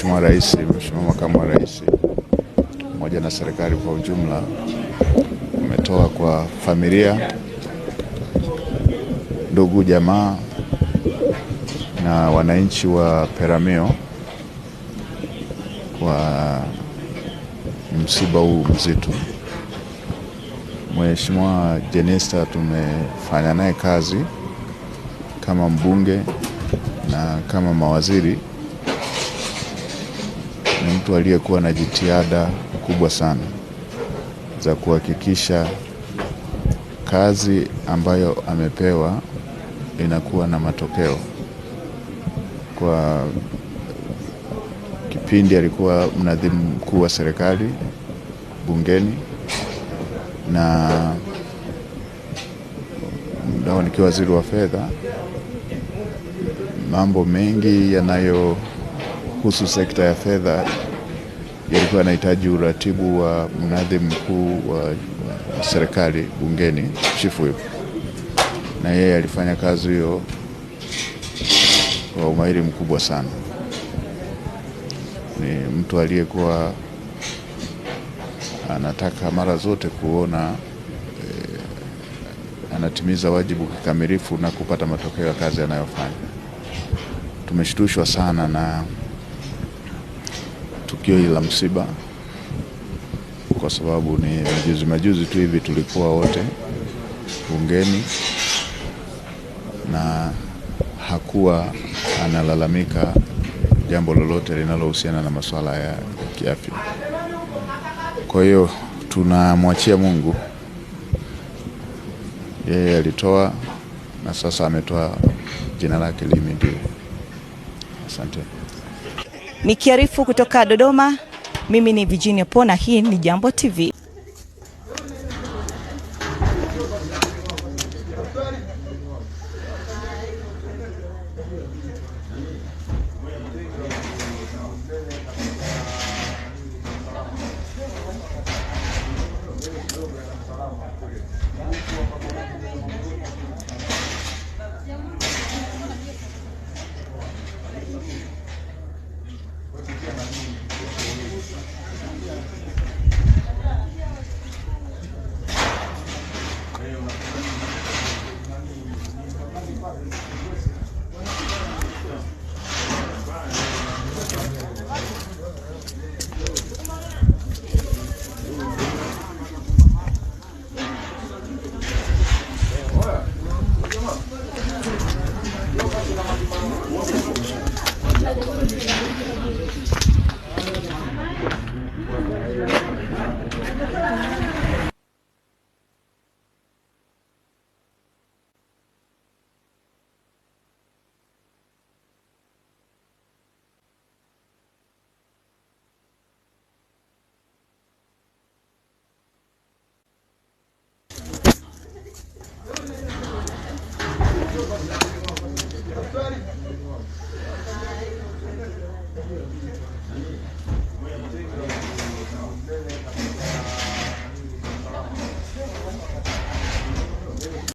Mheshimiwa Rais, Mheshimiwa Makamu wa Rais pamoja na serikali kwa ujumla umetoa kwa familia, ndugu, jamaa na wananchi wa Peramiho kwa msiba huu mzito. Mheshimiwa Jenista tumefanya naye kazi kama mbunge na kama mawaziri ni mtu aliyekuwa na jitihada kubwa sana za kuhakikisha kazi ambayo amepewa inakuwa na matokeo. Kwa kipindi alikuwa mnadhimu mkuu wa serikali bungeni na mdao nikiwa waziri wa fedha, mambo mengi yanayo kuhusu sekta ya fedha yalikuwa yanahitaji uratibu wa mnadhimu mkuu wa, wa serikali bungeni, chifu huyo, na yeye alifanya kazi hiyo kwa umahiri mkubwa sana. Ni mtu aliyekuwa anataka mara zote kuona eh, anatimiza wajibu kikamilifu na kupata matokeo ya kazi anayofanya. Tumeshtushwa sana na tukio hili la msiba, kwa sababu ni majuzi majuzi tu hivi tulikuwa wote bungeni na hakuwa analalamika jambo lolote linalohusiana na masuala ya kiafya. Kwa hiyo tunamwachia Mungu, yeye alitoa na sasa ametoa, jina lake ndio Asante. Nikiarifu kutoka Dodoma, mimi ni Virginia Pona, hii ni Jambo TV.